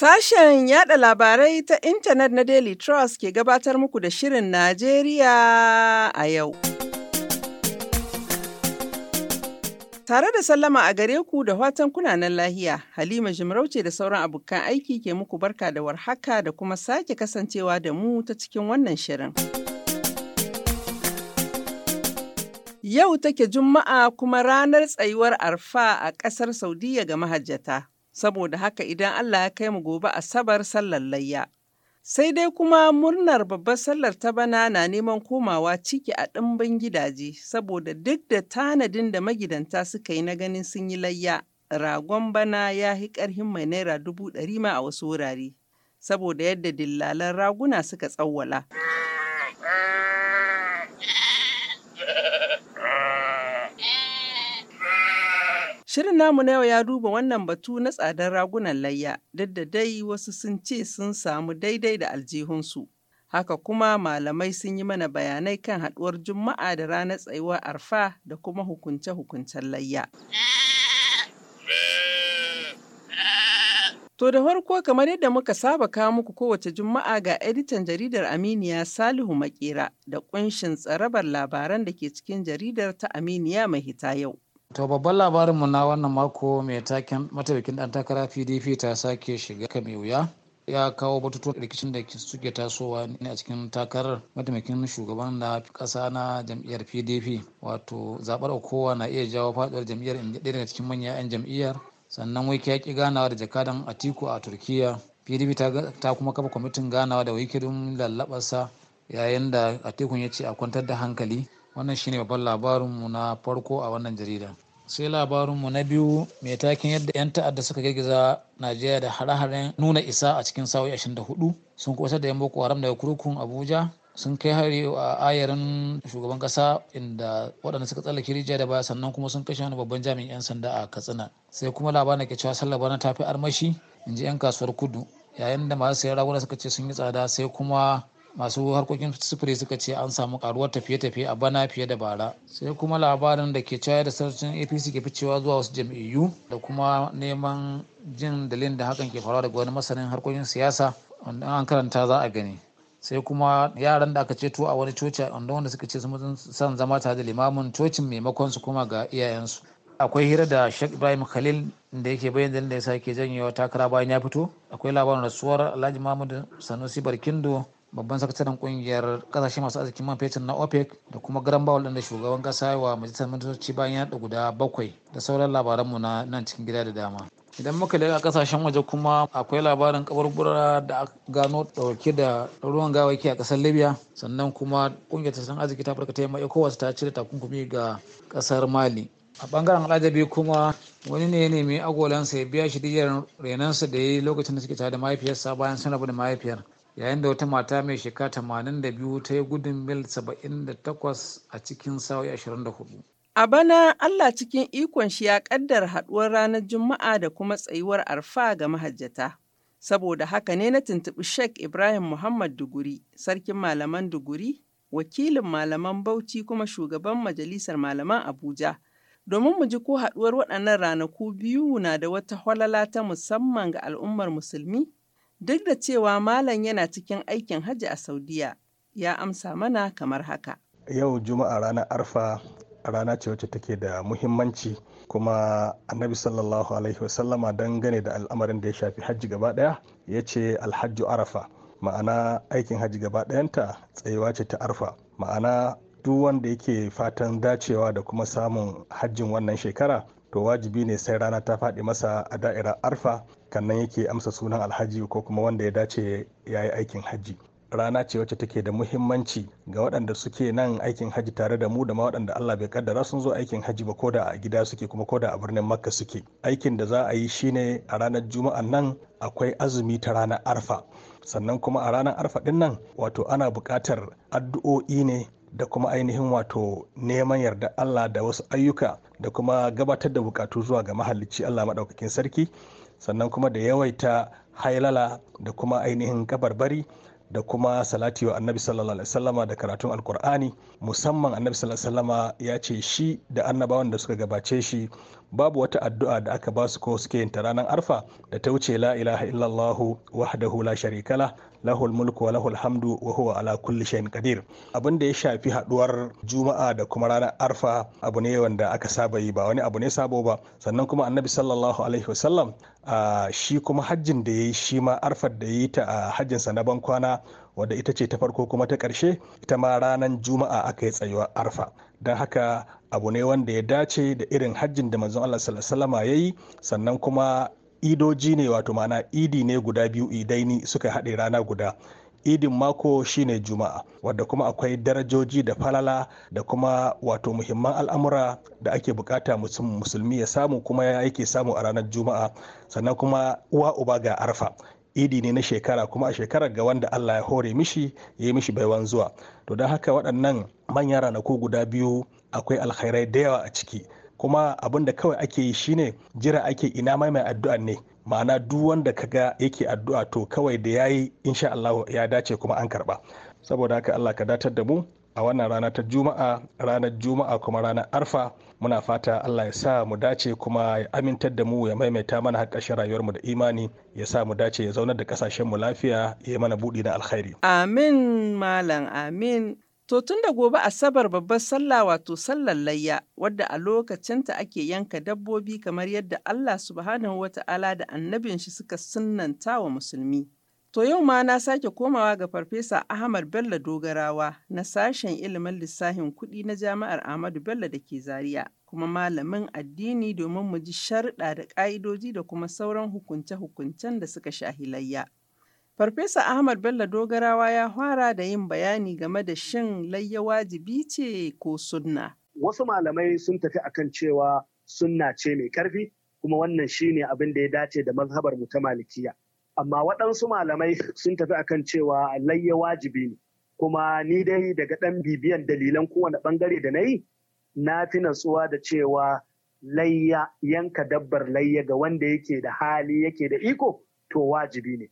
Sashen yada labarai ta intanet na Daily Trust ke gabatar muku da Shirin Najeriya a yau. Tare da sallama a gare ku da watan kunanan lahiya, Halima Jimarauce da sauran abokan aiki ke muku barka da warhaka da kuma sake kasancewa da mu ta cikin wannan shirin. Yau take Juma'a kuma ranar tsayuwar arfa a ƙasar Saudiya ga mahajjata, saboda haka idan Allah ya kai mu gobe asabar sallar layya. Sai dai kuma murnar babbar sallar ta bana na neman komawa ciki a ɗimbin gidaje saboda duk da tanadin da magidanta suka yi na ganin sun yi layya, ragon bana ya hi ƙarhin mai naira dubu ɗari ma a wasu wurare, saboda yadda dillalan raguna suka tsawwala. Shirin namu na yau ya duba wannan batu na tsadar ragunan layya, duk da dai wasu sun ce sun samu daidai da aljihunsu. Haka kuma malamai sun yi mana bayanai kan haɗuwar Juma'a da ranar tsayuwar arfa da kuma hukunce-hukuncen layya. To da farko kamar yadda muka saba kawo muku kowace Juma'a ga editan jaridar Aminiya Salihu Makera da kunshin tsarabar labaran da ke cikin jaridar ta Aminiya mai hita yau. To babban labarinmu na wannan mako mai taken mataimakin ɗan takara PDP ta sake shiga ka mai wuya. ya kawo batutuwan rikicin da suke tasowa ne a cikin takarar mataimakin shugaban na kasa na jam'iyyar pdp wato zaɓar kowa na iya jawo faɗuwar jam'iyyar inda ɗaya daga cikin manyan 'yan jam'iyyar sannan wiki ya ƙi ganawa da jakadan atiku a turkiya pdp ta kuma kafa kwamitin ganawa da wiki lallabarsa yayin da atikun ya ce a kwantar da hankali wannan shine babban labarinmu na farko a wannan jarida sai labarinmu na biyu mai takin yadda 'yan ta'adda suka girgiza najeriya da hare-haren nuna isa a cikin sa'o'i hudu sun kusa da yamma boko haram daga kurkun abuja sun kai hari a ayarin shugaban kasa inda waɗanda suka tsallake rijiya da baya sannan kuma sun kashe wani babban jami'in 'yan sanda a katsina sai kuma labarin ke cewa sallaba bana tafi armashi in ji 'yan kasuwar kudu yayin da masu sayar raguna suka ce sun yi tsada sai kuma masu harkokin sufuri suka ce an samu karuwar tafiye-tafiye a bana fiye da bara sai kuma labarin da ke cewa da sarcin apc ke ficewa zuwa wasu jam'iyyu da kuma neman jin dalilin da hakan ke faruwa daga wani masanin harkokin siyasa wanda an karanta za a gani sai kuma yaran da aka ceto a wani coci wanda wanda suka ce sun san zama tare da limamin cocin maimakon su kuma ga iyayensu akwai hira da Sheikh Ibrahim Khalil da yake bayyana da ya sake janyewa takara bayan ya fito akwai labarin rasuwar Alhaji Mahmud Sanusi Barkindo babban sakataren kungiyar kasashe masu arzikin man fetur na opec da kuma garan bawal da shugaban kasa wa majalisar ministoci bayan ya guda bakwai da sauran labaranmu na nan cikin gida da dama idan muka a kasashen waje kuma akwai labarin kabarbura da aka gano dauke da ruwan gawaki a kasar libya sannan kuma kungiyar tattalin arziki ta farka ta yamma ecowas ta cire takunkumi ga kasar mali a bangaren alajabi kuma wani ne ya nemi agolansa ya biya shi diyar renansa da ya yi lokacin da suke tare da mahaifiyarsa bayan sun da mahaifiyar yayin da wata mata mai shekara 82 ta yi gudun mil 78 a cikin sa'o'i hudu. A bana Allah cikin ikon shi ya kaddar haduwar ranar Juma'a da kuma tsayuwar arfa ga mahajjata. Saboda haka ne na tuntuɓi Sheikh Ibrahim Muhammad Duguri, sarkin malaman Duguri, wakilin malaman Bauchi kuma shugaban majalisar malaman Abuja. Domin mu ji ko haduwar waɗannan ranaku biyu na da wata holala ta musamman ga al'ummar musulmi Duk da cewa Malam yana cikin aikin Hajji a Saudiyya, ya amsa mana kamar haka. Yau Juma'a ranar Arfa rana ce wacce take da muhimmanci kuma annabi sallallahu alaihi wasallama dangane da al'amarin da ya shafi hajji gaba daya ya ce alhajju arafa ma'ana aikin hajji gaba dayanta tsayuwa ce ta arfa ma'ana duk wanda yake fatan dacewa da kuma samun hajjin wannan shekara to wajibi ne sai rana ta faɗi masa a da'irar arfa kan nan yake amsa sunan alhaji ko kuma wanda ya dace ya yi aikin hajji rana ce wacce take da muhimmanci ga waɗanda suke nan aikin hajji tare da mu da ma waɗanda Allah bai kaddara sun zo aikin hajji ba da a gida suke kuma da a birnin Makka suke aikin da za a yi shine a ranar juma'a nan akwai azumi ta ranar arfa sannan kuma a ranar arfa din nan wato ana buƙatar addu'o'i ne da kuma ainihin wato neman yarda Allah da wasu ayyuka da kuma gabatar da bukatu zuwa ga mahalicci Allah maɗaukakin sarki sannan kuma da yawaita hailala da kuma ainihin kabarbari da kuma salati wa annabi sallallahu alaihi wasallama da karatun alkur'ani musamman annabi sallallahu alaihi wasallama ya ce shi da annabawan da suka gabace shi babu wata addu'a da aka ba su ko suke yin ta ranar arfa da ta wuce la ilaha illallahu wahdahu la sharikala lahul mulku wa lahul hamdu wa huwa ala kulli shay'in qadir abin da ya shafi haduwar juma'a da kuma ranar arfa abu ne wanda aka saba yi ba wani abu ne sabo ba sannan kuma annabi sallallahu alaihi wasallam shi kuma hajjin da yayi shi ma arfar da yayi ta a hajjinsa na ban kwana wadda ita ce ta farko kuma ta ƙarshe ita ma ranar juma'a aka yi tsayuwar arfa don haka abu ne wanda ya dace da irin hajjin da manzon allah sallallahu ya yi sannan kuma idoji ne wato mana idi ne guda biyu idaini suka haɗe rana guda idin mako shine juma'a wadda kuma akwai darajoji da falala da kuma wato muhimman al'amura da ake bukata musulmi ya samu kuma ya yake samu a ranar juma'a sannan kuma uwa uba ga arfa idi ne na shekara kuma a shekarar ga wanda Allah ya hore mishi ya yi mishi baiwan zuwa to don haka waɗannan manyan ranaku guda biyu akwai alkhairai da yawa a ciki kuma abin da kawai ake yi shine jira ake ina mai mai addu'a ne ma'ana duk wanda ka kaga yake addu'a to kawai da yayi insha Allah ya dace kuma an karba saboda haka Allah ka datar da mu a wannan rana ta juma'a ranar juma'a kuma ranar arfa muna fata allah ya sa mu dace kuma ya amintar da mu ya maimaita mana harkashin rayuwarmu da imani ya sa mu dace ya zaunar da ƙasashenmu lafiya ya mana buɗi na alkhairi amin malam amin To tun da gobe Asabar babbar sallah wato sallar layya wadda a lokacinta ake yanka dabbobi kamar yadda Allah subhanahu wa ta'ala da annabin shi suka sunnanta wa musulmi. To yau ma na sake komawa ga Farfesa Ahmad Bello Dogarawa na sashen ilimin lissafin kuɗi na Jami'ar Ahmadu Bello da ke Zaria, kuma malamin addini domin mu ji sharɗa da ƙa'idoji da kuma sauran hukunce-hukuncen da suka shahi layya. Farfesa Ahmad Bello Dogarawa ya fara da yin bayani game da shin layya wajibi ce ko sunna. Wasu malamai sun tafi akan cewa sunna ce mai ƙarfi, kuma wannan shine abin da ya dace da mazhabar mu ta Malikiya. amma waɗansu malamai sun tafi akan cewa layya wajibi ne kuma ni dai daga ɗan bibiyan dalilan kowane ɓangare da na yi na fi natsuwa da cewa layya yanka dabbar layya ga wanda yake da hali yake da iko to wajibi ne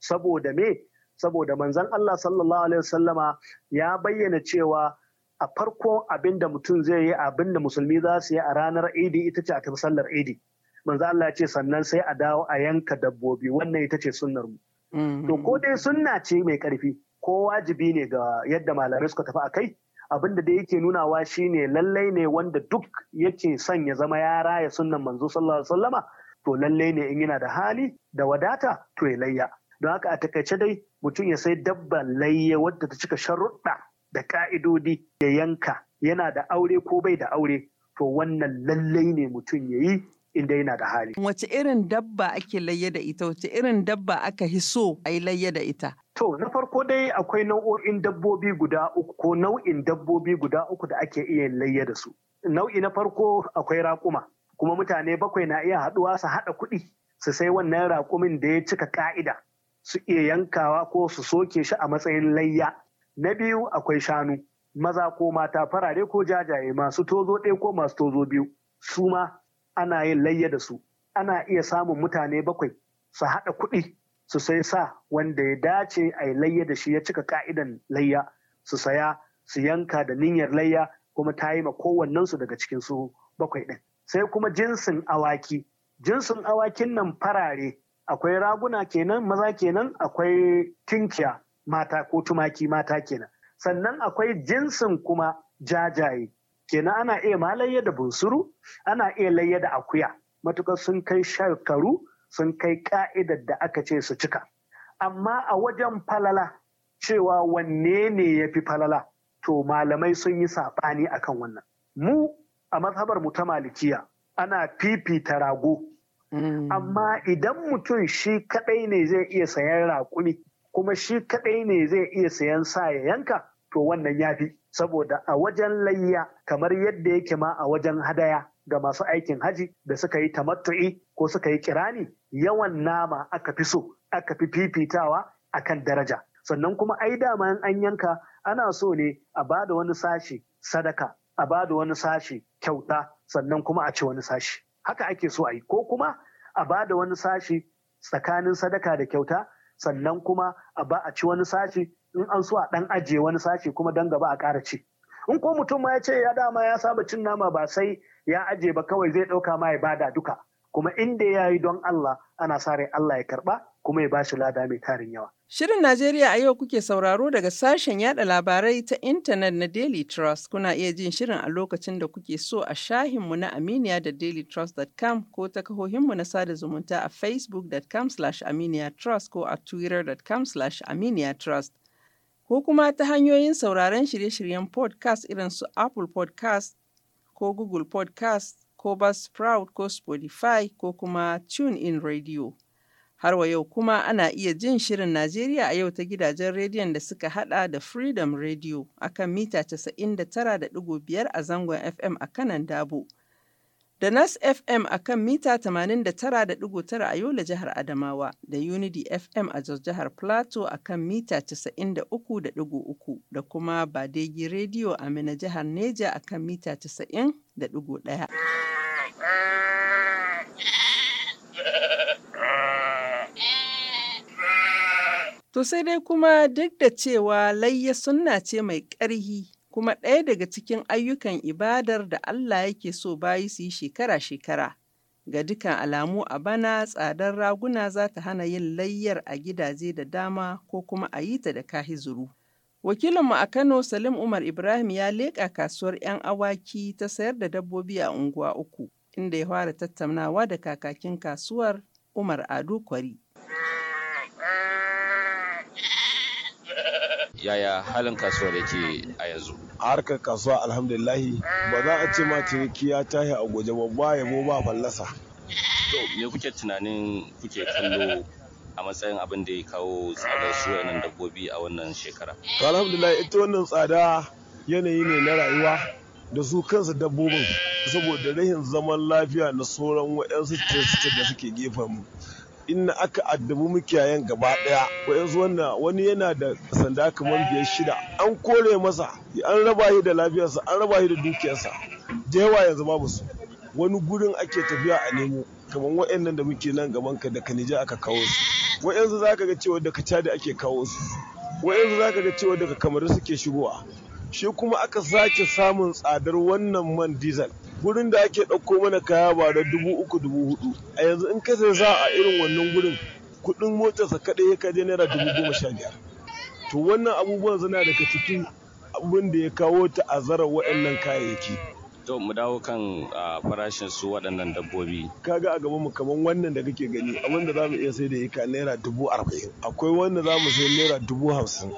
saboda me saboda manzan Allah sallallahu alaihi wasallama ya bayyana cewa a farko abin da mutum zai yi abin da musulmi za su yi a ranar idi ita ce a tafi sallar idi manzo Allah ce sannan sai a dawo a yanka dabbobi wannan ita ce sunnar mu mm-hmm. to ko dai sunna ce mai karfi ko wajibi ne ga yadda malamai suka tafi a kai abin da dai yake nunawa shine lallai ne wanda duk yake son ya zama ya raya sunnan manzo sallallahu alaihi wasallama to lallai ne in yana da hali da wadata to ya layya don haka a takaice dai mutum ya sai dabba layya wadda ta cika sharuɗa da ka'idodi ya yanka yana da aure ko bai da aure to wannan lallai ne mutum ya yi in dai yana da hali. Wace irin dabba ake layya da ita, wace irin dabba aka hiso a yi layya da ita? To, na farko dai akwai nau'o'in dabbobi guda uku ko nau'in dabbobi guda uku da ake iya layya da su. Nau'i na farko akwai raƙuma, kuma mutane bakwai na iya haɗuwa su haɗa kuɗi su sai wannan raƙumin da ya cika ƙa'ida su iya yankawa ko su soke shi a matsayin layya. Na biyu akwai shanu, maza ko mata farare ko jajaye masu tozo ɗaya ko masu tozo biyu. suma. ana yin layya da su ana iya samun mutane bakwai su haɗa kuɗi su sai sa wanda ya dace a yi layya da shi ya cika ka'idan layya su saya su yanka da niyyar layya kuma ta yi ma su daga cikin su bakwai ɗin sai kuma jinsin awaki jinsin awakin nan farare akwai raguna kenan maza kenan akwai tinkiya mata ko tumaki mata kenan sannan akwai jinsin kuma jajaye kenan ana iya ma layya da bunsuru ana iya layya da akuya matukar sun kai shekaru sun kai ka'idar da aka ce su cika amma a wajen falala cewa wanne ne ya fi falala to malamai sun yi saɓani akan wannan mu a mazhabar mu ta malikiya ana fifita rago mm. amma idan mutum shi kadai ne zai iya sayan raƙumi kuma shi kadai ne zai iya sayan sa ya yanka to wannan ya fi saboda a wajen layya kamar yadda yake ma a wajen hadaya ga masu aikin haji da suka yi tamattu'i ko suka yi kirani yawan nama aka fi so aka fi fifitawa a kan daraja sannan kuma ai dama in an yanka ana so ne a ba da wani sashi sadaka a ba da wani sashi kyauta sannan kuma a ci wani sashi haka ake so a yi ko kuma a ba da wani sashi tsakanin sadaka da kyauta sannan kuma a ba a ci wani sashi in an so a ɗan ajiye wani sashi kuma dan gaba a ƙara ci in ko mutum ma ya ce ya dama ya saba cin nama ba sai ya ajiye ba kawai zai ɗauka ma ya bada duka kuma inda ya yi don Allah ana sa rai Allah ya karɓa kuma ya bashi lada mai tarin yawa. Shirin Najeriya a yau kuke sauraro daga sashen yada labarai ta intanet na Daily Trust kuna iya jin shirin a lokacin da kuke so a shahinmu na Aminiya da dailytrust.com ko ta kahohinmu na sada zumunta a facebook.com/aminiya trust ko a twitter.com/aminiya trust. ko kuma ta hanyoyin sauraron shirye-shiryen podcast irin su Apple Podcast ko Google Podcast ko Buzzsprout ko Spotify ko kuma TuneIn Radio. Har wa yau kuma ana iya jin shirin Najeriya a yau ta gidajen rediyon da suka hada da Freedom Radio a kan mita 99.5 a zangon FM a kanan Dabo. da Nas FM a kan mita 89.9 a Yola jihar Adamawa da Unity FM a Jos jihar Plateau a kan mita 93.3 da kuma Badegi Radio a Mina jihar Neja a kan mita 90.1. To sai dai kuma duk da cewa layya sunna ce mai ƙarhi kuma ɗaya daga cikin ayyukan ibadar da Allah yake so bayi su yi shekara-shekara. Ga dukan alamu a bana tsadar raguna za ta hana yin layyar a gidaje da dama ko kuma a yi ta da kahizuru. Wakilinmu a Kano Salim Umar Ibrahim ya leƙa kasuwar 'yan awaki ta sayar da dabbobi a unguwa uku, inda ya fara tattaunawa da kakakin kasuwar Umar Ado Kwari. yaya halin kasuwa da ke a yanzu harkar kasuwa alhamdulillahi ba za a ce ma ciniki ya tashi a guje ba ba yabo ba fallasa to me kuke tunanin kuke kallo a matsayin abin da ya kawo tsadar su dabbobi a wannan shekara to alhamdulillah ita wannan tsada yanayi ne na rayuwa da su kansa dabbobin saboda rahin zaman lafiya na sauran waɗansu da suke gefen mu in aka addabi mukiyayen gaba daya yanzu wannan wani yana da sanda kamar biyar shida an kore masa an raba shi da lafiyarsa an raba shi da dukiyarsa da yawa yanzu babu su wani gurin ake tafiya a nemo kamar waɗannan da muke nan gaban ka da kanija aka kawo su waɗansu za ka ga cewa daga cadi ake kawo su waɗansu za ka ga cewa daga kamaru suke shigowa shi kuma aka sake samun tsadar wannan man diesel gurin da ake ɗauko mana kaya ba da dubu uku dubu hudu a yanzu in ka za sa a irin wannan gurin kuɗin motarsa kaɗai ya kaje naira dubu goma sha biyar to wannan abubuwan suna daga cikin abin da ya kawo ta ta'azarar waɗannan kayayyaki to mu dawo kan farashin su waɗannan dabbobi kaga a gaban mu kamar wannan da kake gani abin da mu iya sai da ka naira dubu arba'in akwai wanda za mu sai naira dubu hamsin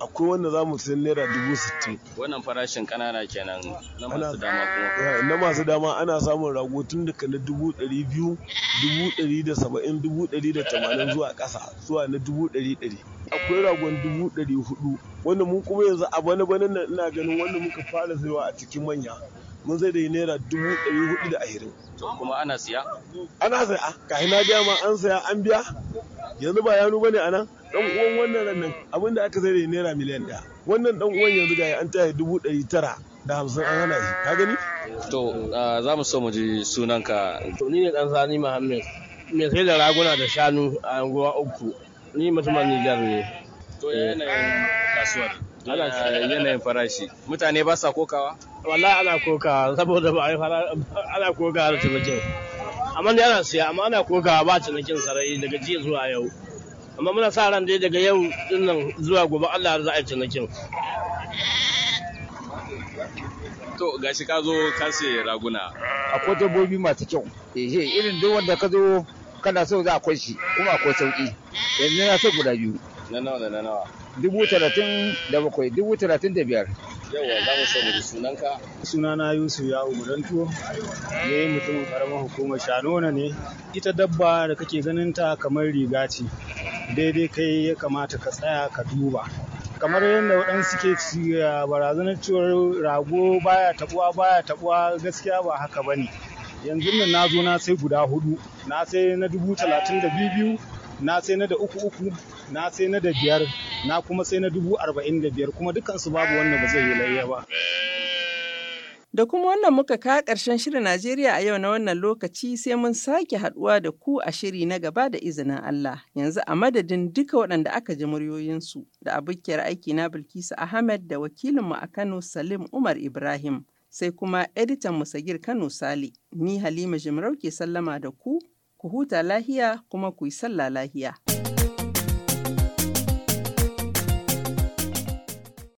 akwai wanda za mu sayan naira dubu sittin. Wannan farashin ƙanana kenan na masu dama kuma. Na masu dama ana samun rago tun daga na dubu ɗari biyu, dubu ɗari da saba'in, dubu ɗari da tamanin zuwa ƙasa zuwa na dubu ɗari ɗari. Akwai ragon dubu ɗari hudu wanda mun kuma yanzu a bana bana na ina ganin wanda muka fara saiwa a cikin manya. Mun zai da naira dubu ɗari hudu da ashirin. To kuma ana siya? Ana siya, kahi na gaya ma an siya an biya. yanzu ba yanu bane anan dan eh. uwan wannan nan, abin da aka sai naira miliyan ɗaya wannan dan uwan yanzu ga an taya dubu ɗari tara da hamsin an hana shi ka gani to za mu so mu ji sunanka to ni ne dan sani muhammed mai sai da raguna da shanu a unguwa uku ni mutumin nijar ne to yanayin kasuwar ana yanayin farashi mutane ba sa kokawa wallahi ana kokawa saboda ba ana kokawa da taimakon amma ne ana siya amma ana koka ba cinikin sarai daga jiya zuwa yau amma muna sa ran dai daga yau dinnan zuwa gobe Allah za a yi cinikin to gashi ka zo ka sai raguna akwai dabbobi masu kyau eh irin duk wanda ka zo kana so za akwai shi kuma akwai sauki yanzu na so guda biyu na nawa da na nawa dubu talatin da bakwai dubu talatin da biyar Yawa za mu sunanka. Sunana Yusuf ya umarantuwa ne mutumin karamar hukumar Shanona ne. Ita dabba da kake ganin ta kamar riga ce. Daidai kai ya kamata ka tsaya ka duba. kamar yadda waɗansu ke barazanar cewar rago baya tabuwa baya tabuwa gaskiya ba haka ba ne yanzu nan na zo na sai guda hudu na sai na dubu talatin da biyu na sai na da uku uku na sai na da biyar na kuma sai na dubu arba'in da biyar kuma dukansu babu wanda ba zai yi layya ba. Da kuma wannan muka ka ƙarshen shirin Najeriya a yau na wannan lokaci sai mun sake haɗuwa da ku a shiri na gaba da izinin Allah. Yanzu a madadin duka waɗanda aka ji muryoyinsu da abokiyar aiki na Bilkisu Ahmed da wakilinmu a Kano Salim Umar Ibrahim. Sai kuma editan Musagir Kano Sali, ni Halima Jimarau ke sallama da ku, ku huta lahiya kuma ku yi sallah lahiya.